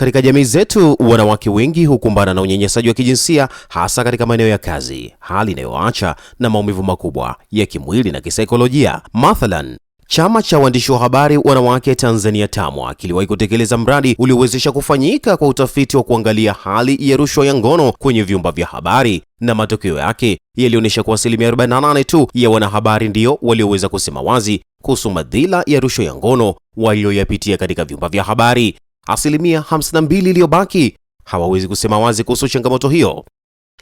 Katika jamii zetu wanawake wengi hukumbana na unyanyasaji wa kijinsia hasa katika maeneo ya kazi, hali inayoacha na maumivu makubwa ya kimwili na kisaikolojia. Mathalan, Chama cha waandishi wa habari wanawake Tanzania TAMWA kiliwahi kutekeleza mradi uliowezesha kufanyika kwa utafiti wa kuangalia hali ya rushwa ya ngono kwenye vyumba vya habari, na matokeo yake yalionyesha kuwa asilimia 48 tu ya wanahabari ndio walioweza kusema wazi kuhusu madhila ya rushwa ya ngono waliyoyapitia katika vyumba vya habari asilimia 52 iliyobaki hawawezi kusema wazi kuhusu changamoto hiyo.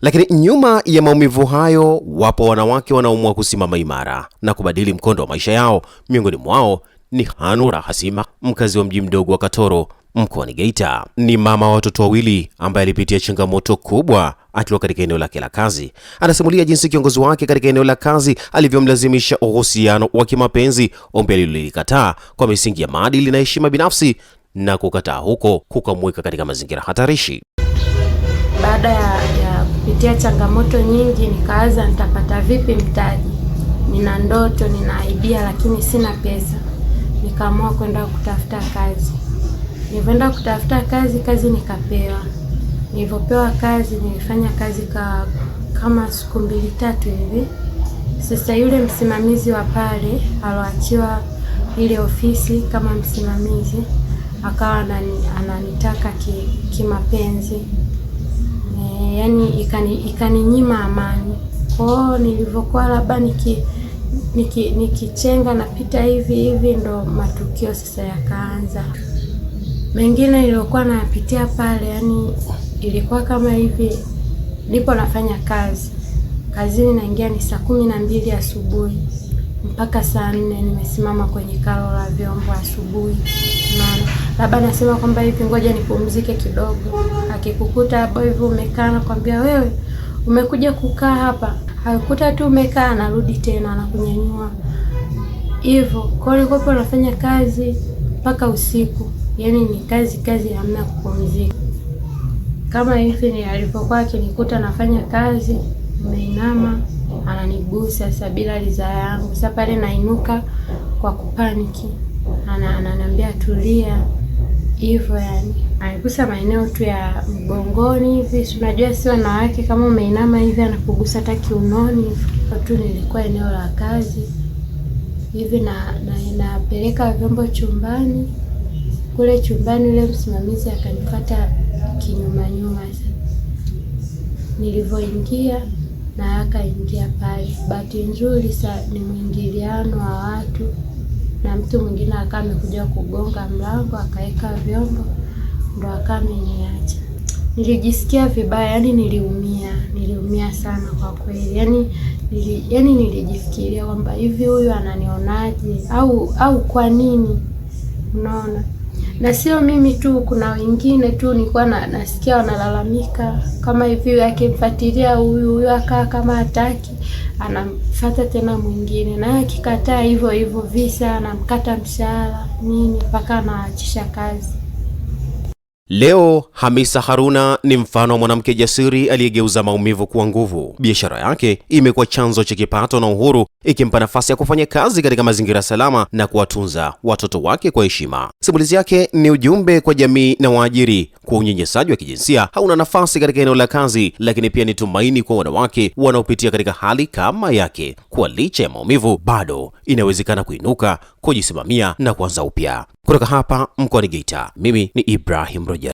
Lakini nyuma ya maumivu hayo, wapo wanawake wanaoamua kusimama imara na kubadili mkondo wa maisha yao. Miongoni mwao ni Hanura Hasima, mkazi wa mji mdogo wa Katoro mkoani Geita. Ni mama wa watoto wawili ambaye alipitia changamoto kubwa akiwa katika eneo lake la kazi. Anasimulia jinsi kiongozi wake katika eneo la kazi alivyomlazimisha uhusiano wa kimapenzi, ombi alilolikataa kwa misingi ya maadili na heshima binafsi, na kukataa huko kukamweka katika mazingira hatarishi. Baada ya kupitia changamoto nyingi, nikawaza nitapata vipi mtaji. Nina ndoto, nina idea, lakini sina pesa. Nikaamua kwenda kutafuta kazi. Nilivyoenda kutafuta kazi, kazi nikapewa. Nilivyopewa kazi, nilifanya kazi ka, kama siku mbili tatu hivi. Sasa yule msimamizi wa pale aloachiwa ile ofisi kama msimamizi akawa ananitaka kimapenzi ki e, yani ikaninyima ikani amani kwao. Nilivyokuwa labda nikichenga niki, napita hivi hivi, ndo matukio sasa yakaanza mengine niliyokuwa nayapitia pale, yani ilikuwa kama hivi, nipo nafanya kazi kazini, naingia ni saa kumi na mbili asubuhi mpaka saa nne nimesimama kwenye karo la vyombo asubuhi, labda nasema kwamba hivi, ngoja nipumzike kidogo, akikukuta hapo hivi umekaa, nakwambia wewe umekuja kukaa hapa, akikuta tu umekaa, anarudi tena anakunyanyua hivyo. Kwa hiyo kwa nafanya kazi mpaka usiku, yaani ni kazi kazi, hamna kupumzika. Kama hivi ni alipokuwa akinikuta nafanya kazi, nimeinama ananigusa sasa, bila ridhaa yangu. Sasa pale nainuka kwa kupaniki, ananiambia tulia hivyo yani anagusa maeneo tu ya mgongoni hivi, si unajua, si wanawake kama umeinama hivi anakugusa hata kiunoni tu. Nilikuwa eneo la kazi hivi na inapeleka na, vyombo chumbani kule chumbani, yule msimamizi akanifuata kinyuma nyuma. Nilivyoingia na akaingia pale, bahati nzuri sa ni mwingiliano wa watu na mtu mwingine akawa amekuja kugonga mlango akaweka vyombo ndo akawa ameniacha. Nilijisikia vibaya, yani niliumia, niliumia sana kwa kweli, yani nili, yani nilijifikiria kwamba hivi huyu ananionaje au au kwa nini, unaona na sio mimi tu, kuna wengine tu nilikuwa na, nasikia wanalalamika kama hivi, akimfuatilia huyu huyu akaa kama hataki, anamfata tena mwingine, na akikataa hivyo hivyo, visa anamkata mshahara nini, mpaka anaachisha kazi. Leo Hamisa Haruna ni mfano wa mwanamke jasiri aliyegeuza maumivu kuwa nguvu. Biashara yake imekuwa chanzo cha kipato na uhuru, ikimpa nafasi ya kufanya kazi katika mazingira salama na kuwatunza watoto wake kwa heshima. Simulizi yake ni ujumbe kwa jamii na waajiri kwa unyenyesaji wa kijinsia hauna nafasi katika eneo la kazi, lakini pia ni tumaini kwa wanawake wanaopitia katika hali kama yake, kwa licha ya maumivu bado inawezekana kuinuka, kujisimamia na kuanza upya. Kutoka hapa mkoani Geita, mimi ni Ibrahim Roja.